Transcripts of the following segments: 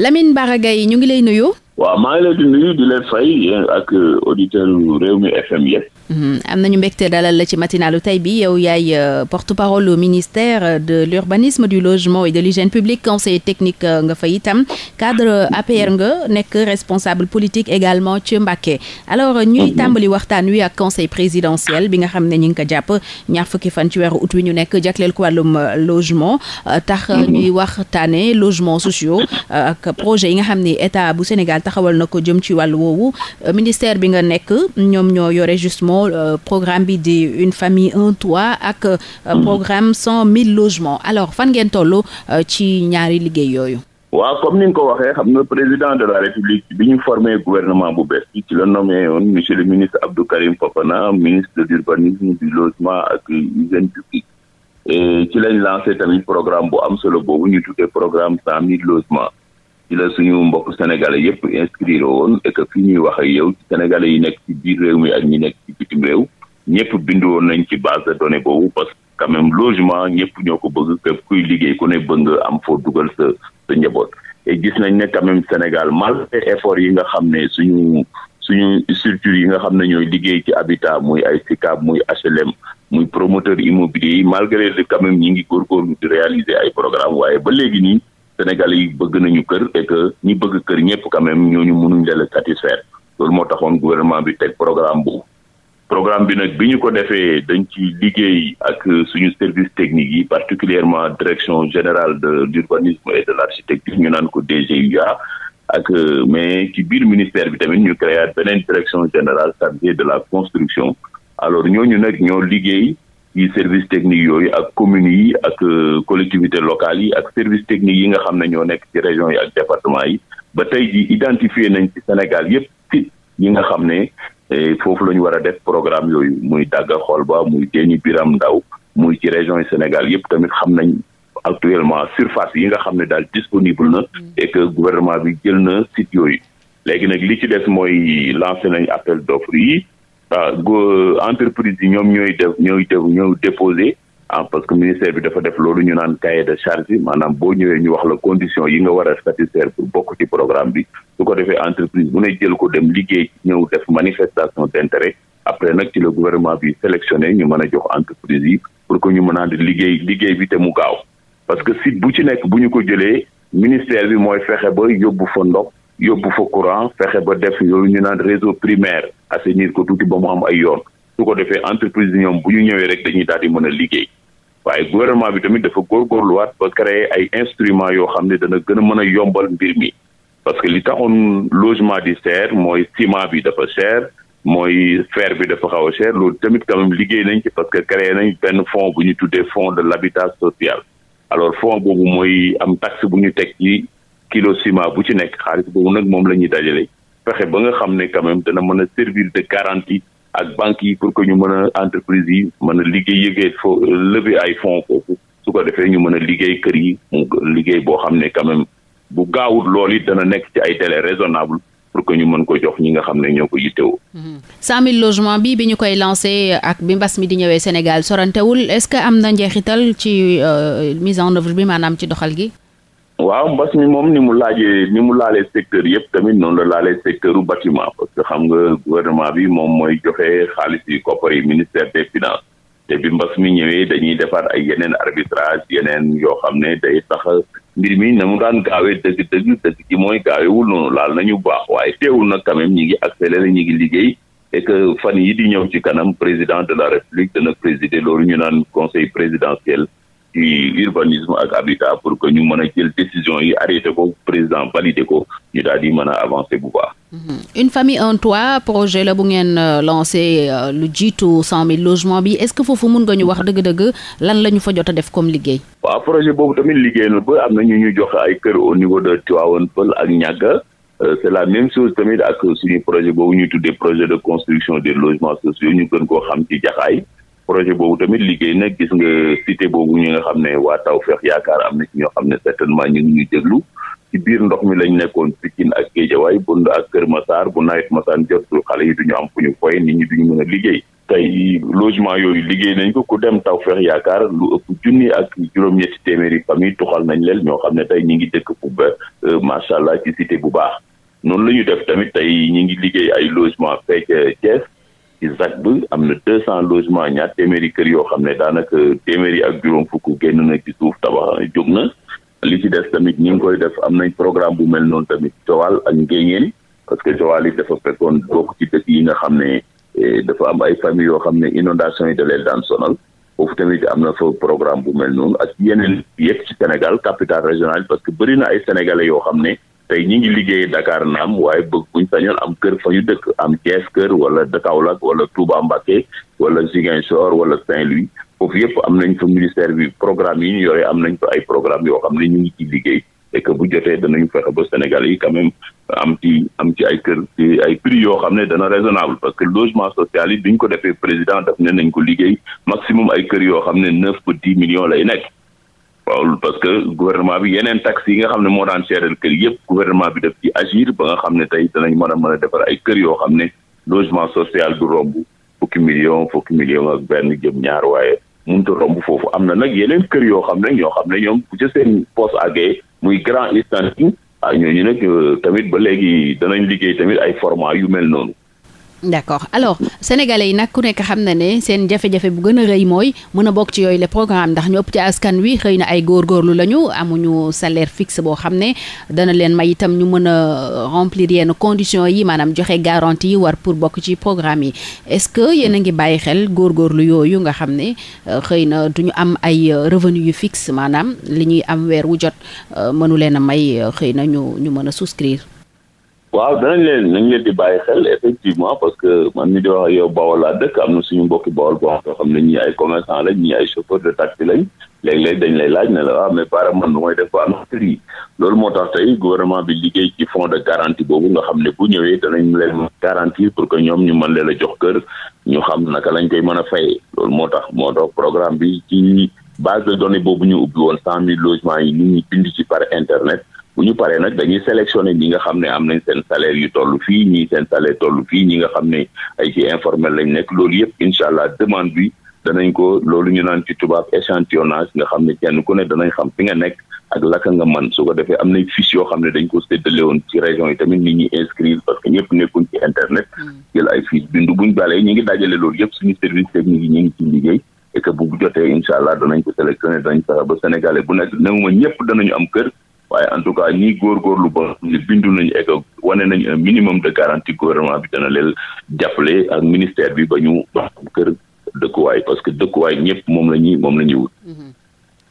Lamine baraga yi ñu ngi lay nuyu waaw maa euh, mm-hmm. am nañu mbégte dalal la ci matinalu tey bi yow yaay euh, porte-parole au ministère de l'urbanisme du logement et de l'hygiène publique conseiller technique euh, nga fa itam cadre APR nga nekk responsable politique également ci Mbacké alors ñuy mm-hmm. tàmbali waxtaan wi ak conseil présidentiel bi nga xam ne ñu ngi ko jàpp ñaar fukki fan ci weeru août wi ñu nekk jagleel ko wàllum logement tax mm-hmm. ñuy waxtaane logement sociaux projet yi nga xam ne état bu Sénégal taxawal na ko jëm ci wàllu woowu euh, ministère bi nga nekk ñoom ñoo yore justement euh, programme bi di une famille un toit ak euh, programme cent mille logements alors fan ngeen toll ci ñaari liggéey yooyu waaw comme ni nga ko waxee xam nga président de la république bi ñu formé gouvernement bu bees bi ci la nommé woon monsieur le ministre Abdou Karim Fofana ministre de l'urbanisme du logement ak hygiène publique ci lañ lancé tamit programme bu am solo boobu ñu tuddee programme cent mille ci suñu mbokk sénégalais yëpp inscrire woon et que fi ñuy wax ak yow sénégalais yi nekk ci biir réew ak ñi nekk ci bitim réew ñëpp bindu woon nañ ci base de données boobu parce que quand même logement ñëpp ñoo ko bëgg képp kuy liggéey ku ne bëgg nga am foo dugal sa njaboot et gis nañ ne quand Sénégal malgré effort yi nga xam ne suñu suñu structure yi nga xam ne ñooy liggéey ci habitat muy ay SICAP muy HLM muy promoteur immobilier yi malgré le quand même ñi ngi góorgóorlu di réaliser ay programme waaye ba léegi nii sénégal yi bëgg nañu kër et que ñi bëgg kër ñëpp quand même ñooñu mënuñ leen satisfaire loolu moo taxoon gouvernement bi teg programme boobu programme bi nag bi ñu ko defee dañ ci liggéey ak suñu service technique yi particulièrement direction générale de l'urbanisme et de l'architecture ñu naan ko DGUA ak mais ci biir ministère bi tamit ñu créé beneen direction générale chargée de la construction alors ñoo ñu nag ñoo liggéey yi service technique yooyu ak communes yi ak euh, collectivité locale yi ak service technique yi nga xam ne ñoo nekk ci régions yi ak département yi ba tey ji identifier nañ ci Sénégal yépp ci ñi nga xam ne eh, foofu la ñu war a def programme yooyu muy Daga Xolba muy Déni Biram Ndaw muy ci région yi Sénégal yépp tamit xam nañ actuellement surface yi nga xam ne daal disponible na mm-hmm. et que gouvernement bi jël na site yooyu léegi nag li ci des mooy lancé nañ appel d'offre yi Ah, entreprise yi ñoom ñooy def ñooy def ñooy déposé ah parce que ministère bi dafa def loolu ñu naan cahier de charge maanaam boo ñëwee ñu wax la condition yi nga war a satisfaire pour bokk ci programme bi su ko defee entreprise bu ne jël ko dem liggéey ñëw def manifestation d'intérêt après nag ci la gouvernement bi sélectionné ñu mën a jox entreprise yi pour que ñu mën a liggéey liggéey bi te mu gaaw parce que si bu ci nekk bu ñu ko jëlee ministère bi mooy fexe ba yóbbu fa yóbbu fa courant fexe ba def loolu ñu naan réseau primaire assainir ko tuuti ba mu am ay yoon su ko defee entreprise ñoom bu ñu ñëwee rek dañuy daal di mën a liggéey waaye gouvernement bi tamit dafa góorluwaat ba créer ay instruments yoo xam ne dana gën a mën a yombal mbir mi parce que li taxoon logement di cher mooy ciment bi dafa cher mooy fer bi dafa xaw a cher loolu tamit quand liggéey nañ ci parce que créé nañ benn fonds bu ñu tuddee fonds de l'habitat social alors fonds boobu mooy am taxe bu ñu teg ci kilo ciment bu ci nekk xaalis boobu nag moom la dajale fexe ba nga xam ne quand dana mën a servir de garantie ak banques yi pour que ñu mën a entreprise yi mën a liggéey yëgee fo lever ay fonds foofu su ko defee ñu mën a liggéey kër yi mu liggéey boo xam ne quand bu gaawut loolu it dana nekk ci ay délais raisonnable pour que ñu mën ko jox ñi nga xam ne ñoo ko yittewoo. 100000 mm-hmm. logement bi bi ñu koy lancé ak bi mbas mi di ñëwee Sénégal sorantewul est waaw mbas mi moom ni mu laajee ni mu laalee secteur yëpp tamit noonu la laalee secteur u bâtiment parce que xam nga gouvernement bi moom mooy joxe xaalis yi koppar yi ministère des finances te bi mbas mi ñëwee dañuy defaat ay yeneen arbitrage yeneen yoo xam ne day tax mbir mi na mu daan gaawee dëgg dëgg dëgg ci mooy gaawewul noonu laal nañu baax waaye teewul na quand même ñi ngi accéléré ñi ngi liggéey et que fan yi di ñëw ci kanam président de la république dana présider loolu ñu naan conseil présidentiel ci urbanisme ak habitat pour que ñu mën a jël décision yi arrêté ko président validé ko ñu daal di mën a avancer bu ko mhm. une famille en toit projet la bu ngeen euh, lancé euh, lu jiitu cent mille logements bi est-ce que foofu mun nga ñu wax dëgg-dëgg lan la ñu fa jot a def comme liggéey. waa projet boobu tamit liggéey na ba am na ñu ñu jox ay kër au niveau de Tivaouane Peulh ak Niaga. Euh, c'est la même chose tamit ak suñu projet boobu ñu tuddee projet de construction des logements sociaux ñu gën koo xam projet boobu tamit liggéey nag gis nga cité boobu ñi nga xam ne waa Tawfekh yaakaar am na ci ñoo xam ne certainement ñu ngi ñuy déglu ci biir ndox mi lañ nekkoon Pikine ak Guédiawaye Bund ak Kër Massar bu nawet Massar jot xale yi duñu am fu ñu foye nit ñi duñu mën a liggéey tey logement yooyu liggéey nañ ko ku dem Tawfekh yaakaar lu ëpp junni ak juróom-ñetti téeméeri famille tuxal nañ leen ñoo xam ne tey ñi ngi dëkk fu ba euh, macha allah ci cité bu baax noonu la ñu def tamit tey ñi ngi liggéey ay logement fekk ci ZAC bi am na deux cent logements ñaar téeméeri kër yoo xam ne daanaka téeméeri ak juróom fukk génn na ci suuf tabax jóg na li ci des tamit ñi ngi koy def am nañ programme bu mel noonu tamit Joal ak Ngéyeen parce que Joal yi dafa fekkoon bokk ci dëkk yi nga xam ne eh, dafa am ay famille yoo xam ne inondation yi da leen daan sonal foofu tamit am na fa programme bu mel noonu ak yeneen yëpp ci Sénégal capital régionale parce que bëri na ay sénégalais yoo xam ne tey ñi ngi liggéey Dakar am waaye bëgg buñ sañoon am kër fa ñu dëkk am Thiès kër wala Kaolack wala Touba Mbacké wala Ziguinchor wala Saint-Louis foofu yëpp am nañ fa ministère bi programme yi ñu yore am nañ fa ay programme yoo xam ne ñu ngi ciy liggéey et que bu jotee danañu fexe ba Sénégal yi quand même am ci am ci ay kër ci ay prix yoo xam ne dana raisonnable parce que logement social yi duñ ko defee président daf ne nañ ko liggéey maximum ay kër yoo xam ne neuf ba dix lay nekk waaw parce que gouvernement bi yeneen taxes yi nga xam ne moo daan seeral kër yëpp gouvernement bi def ci agir ba nga xam ne tey danañ mën a mën a defar ay kër yoo xam ne logement social du romb fukki million fukki million ak benn jëm ñaar waaye mënut romb foofu am na nag yeneen kër yoo xam ne ñoo xam ne ñoom bu ca seen poste àggee muy grand instance ah ñooñu nag euh, tamit ba léegi danañ liggéey tamit ay format yu mel noonu d'accord alors sénégalais yi nag ku nekk xam na ne seen jafe-jafe bu gën a rëy mooy mën a bokk ci yooyu le programme ndax ñu ëpp ci askan wi xëy na ay góor góorgóorlu lañu amuñu salaire fixe boo xam ne dana leen may itam ñu mën a remplir yenn conditions yi maanaam joxe garantie yi war pour bokk ci programme yi est-ce que yéen a ngi bàyyi xel góorgóorlu yooyu nga xam ne euh, xëy na duñu am ay euh, revenu yu fixe maanaam li ñuy am weer wu jot euh, mënu leen a may xëy na ñu ñu mën a souscrire waaw danañ leen nañ leen di bàyyi xel effectivement parce que man mi di wax ak yow Bawol laa dëkk am na suñu mbokki Bawol boo xam ne ñii ay commerçant lañ ñii ay chauffeur de taxi lañ léeg-léeg dañ lay laaj ne la waaw ah, mais para man nu mooy def ba am prix loolu moo tax tey gouvernement bi liggéey ci fonds de garantie boobu nga xam ne bu ñëwee danañ leen garantie pour que ñoom ñu man leen a jox kër ñu xam naka lañ koy mën a fayee loolu moo tax moo tax programme bi ci base de données boobu ñu woon cent mille logements yi nit ñi ci par internet bu ñu paree nag dañuy sélectionné ñi nga xam ne am nañ seen salaire yu toll fii ñi seen salaire toll fii ñi nga xam ne ay ci informel lañ nekk loolu yëpp incha allah demande bi danañ ko loolu ñu naan ci tubaab échantillonnage nga xam ne kenn ku ne danañ xam fi nga nekk ak laka nga man su ko defee am nañ fiche yoo xam ne dañ ko séddale woon ci région yi tamit nit ñi inscrire parce ñëpp nekkuñ ci internet hmm. jël ay fiche bindu buñ balee ñu ngi dajale loolu yëpp suñu service technique yi ñu ngi ci liggéey et que bu jotee incha ko sélectionné danañ fexe ba sénégalais bu nekk newuma ñëpp danañu am kër waaye en tout cas ñii góorgóorlu ba ne bindu nañu egg wane nañ un minimum de garantie gouvernement bi dana leen jàppale ak ministère bi ba ñu ba kër dëkkuwaay parce que dëkkuwaay ñëpp moom la ñuy moom la ñuy wut. Mhm.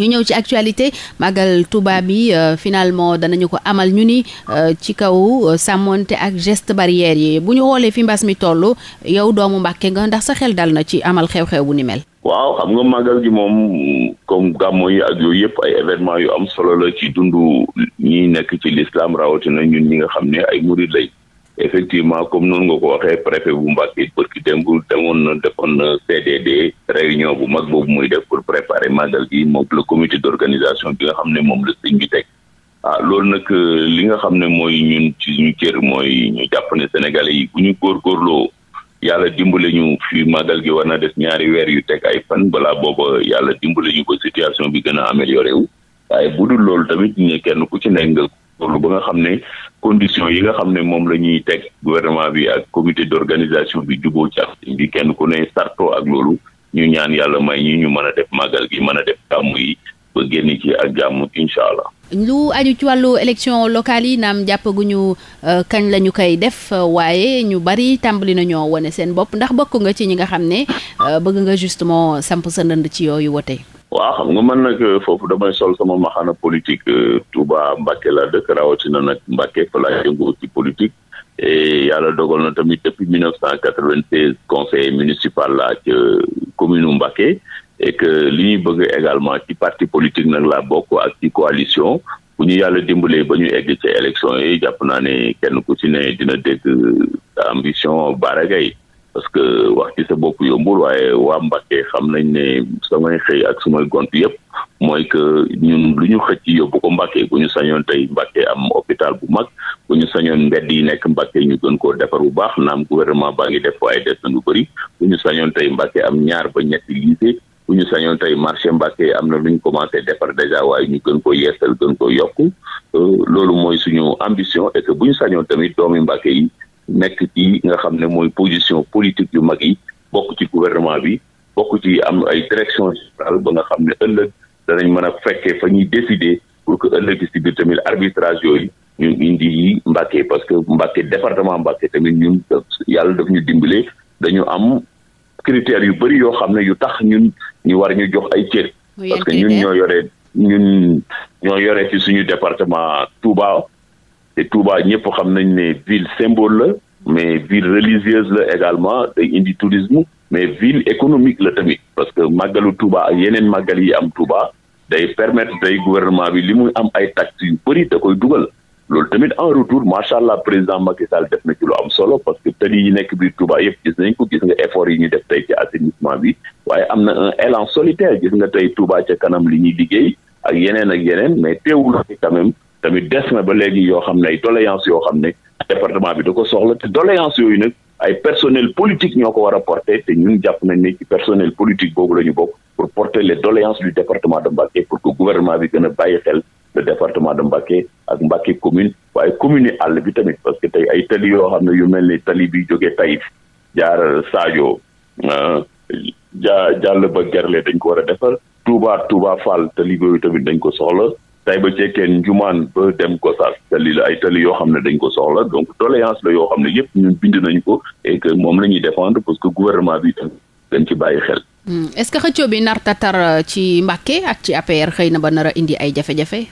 ñu ñëw ci actualité màggal Touba yi euh, finalement danañu ko amal ñu ni euh, ci kaw euh, sàmmoonte ak geste barrière yi bu ñu xoolee fi mbas mi toll yow doomu Mbàkke nga ndax sa xel dal na ci amal xew-xew bu ni mel. waaw xam nga màggal gi moom comme gàmmo yi ak yooyu yëpp ay événement yu am solo la ci dundu ñi nekk ci l'islam rawatina ñun ñi nga xam ne ay murid lay effectivement comme noonu nga ko waxee préfet bu Mbacké bërki démb demoon na defoon na CDD réunion bu mag boobu muy def pour préparer màggal gi moom le comité d'organisation bi nga xam ne moom la sëñ bi teg ah loolu nag li nga xam ne mooy ñun ci suñu cër mooy ñu jàpp ne yi bu ñu góorgóorloo yàlla dimbali ñu fi màgal gi war na des ñaari weer yu teg ay fan balaa booba yàlla dimbali ñu ba situation bi gën a amélioré wu waaye bu dul loolu tamit kenn ku ci nekk nga loolu ba nga xam ne condition yi nga xam ne moom la ñuy teg gouvernement bi ak comité d'organisation bi juboo ci ak kenn ku ne sarto ak loolu ñu ñaan yàlla may ñu ñu mën a def màggal gi mën a def gàmmu yi ba génn ci ak jàmm incha allah lu aju ci wàllu élection locale yi naam jàppaguñu euh, kañ la ñu koy def waaye ñu bari tàmbali na ñoo wane seen bopp ndax bokk nga ci ñi nga xam ne euh, bëgg nga justement samp sa ndënd ci yooyu wote waaw xam nga man nag euh, foofu damay sol sama maxana politique Touba Mbacke la dëkk rawatina nag Mbacke fa laa yëngu ci politique e yàlla dogal na tamit depuis mille neuf cent quatre-vingt-seize conseil municipal la ca commune Mbacke et que li ñuy bëgg également ci parti politique nag laa bokk ak ci coalition bu ñu yàlla dimbalee ba ñu egg ci élection yi jàpp naa ne kenn ku ci ne dina dégg ambition Bara parce que wax ci sa bokk yombul waaye waa Mbacké xam nañ ne samay xëy ak sumay gont yëpp mooy que ñun lu ñu xëcc yóbbu ko Mbacké bu ñu sañoon tey Mbacké am hôpital bu mag ku ñu sañoon mbedd yi nekk Mbacké ñu gën koo defar bu baax naam gouvernement baa ngi def waaye des na lu bëri ñu sañoon tey Mbacké am ñaar ba ñetti bu ñu sañoon tey marché Mbàkke am na lu ñu commencé defar déjà waaye ñu gën ko yeesal gën ko yokk euh, loolu mooy suñu ambition et que bu ñu sañoo tamit doomi Mbàkke yi nekk ci nga xam ne mooy position politique yu mag yi bokk ci gouvernement bi bokk ci am ay direction générale ba nga xam ne ëllëg danañ mën a fekkee fa ñuy décider pour que ëllëg si biir tamit arbitrage yooyu ñu indi yi Mbàkke parce que Mbàkke département Mbàkke tamit ñun yàlla daf ñu dimbale dañu critères yu bëri yoo xam ne yu tax ñun ñu war ñu jox ay cër parce que ñu ñoo yore ñu ñoo yore ci suñu département Touba te Touba ñëpp xam nañ ne ville symbole la mais ville religieuse la également day indi tourisme mais ville économique la tamit parce que màggalu Touba ak yeneen màggal yi am Touba day permettre day gouvernement bi li mu am ay taxes yu bëri da koy dugal loolu tamit en retour macha allah président Macky Sall def na ci lu am solo parce que tali yi nekk biir Touba yëpp gis nañ ko gis nga effort yi ñu def tey ci assainissement bi waaye am na un élan solitaire gis nga tey Touba ca kanam li ñuy liggéey ak yeneen ak yeneen mais teewul quand même tamit des na ba léegi yoo xam ne ay doléances yoo xam ne département bi da ko soxla te doléances yooyu nag ay personnel politique ñoo ko war a porter te ñun jàpp nañ ne ci boobu la ñu bokk pour porter les doléances du département de Mbacké pour bi gën a bàyyi le département de Mbacké ak Mbacké commune waaye commune yi àll bi tamit parce que tey ay tali yoo xam ne yu mel ni tali bi jógee Taïf jaar Sadio ah, jaa jàll ba Gerle dañ ko war a defar Touba Touba Fall tali boobu tamit dañ ko soxla tay ba cekkeen njumaan ba dem Gossas tali la ay tali yoo xam ne dañ ko soxla donc doléance la yoo xam ne yëpp ñun bind nañ ko e que moom la ñuy défendre parce que gouvernement bi dañ ci bàyyi xel. Hmm. est-ce bi nar tatar euh, ci Mbacké ak ci APR xëy na ba nar indi ay jafe-jafe.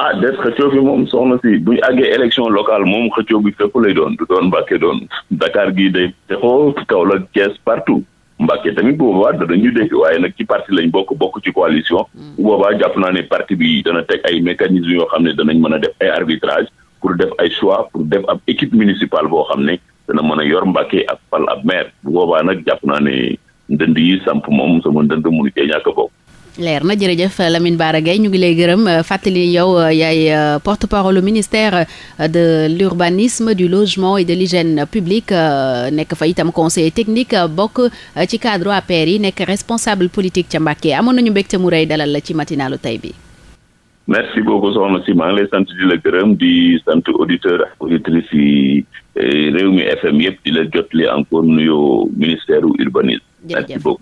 ah des xëccoo bi moom soxna si bu ñu àggee élection locale moom xëccoo bi fépp lay doon du doon Mbàkke doon Dakar gii day texoo Kaolack Thiès partout Mbàkke tamit boobaa ñu dégg waaye nag ci parti lañ bokk bokk ci coalition hmm. boobaa jàpp naa ne parti bi dana teg ay mécanismes yoo xam ne danañ mën a def ay arbitrage pour def ay choix pour def ab équipe municipale boo xam ne dana mën a yor Mbàkke ak fal ab bu boobaa nag jàpp naa ne ndënd yi samp moom sama ndënd mënu ñàkk a leer na jërëjëf Lamine Bara Gaye ñu ngi lay gërëm euh, fàttali yow euh, yaay euh, porte-parole au ministère de l'urbanisme du logement et de l'hygiène publique nekk fa itam conseiller technique bokk ci cadre APR yi nekk responsable politique ca Mbacké amoon nañu mbégte mu rëy dalal la ci matinalu tey bi merci beaucoup soxna si sant di la gërëm di sant auditeur ak auditrice yi eh, Rewmi FM yëpp di la jot li encore ministère urbanisme merci beaucoup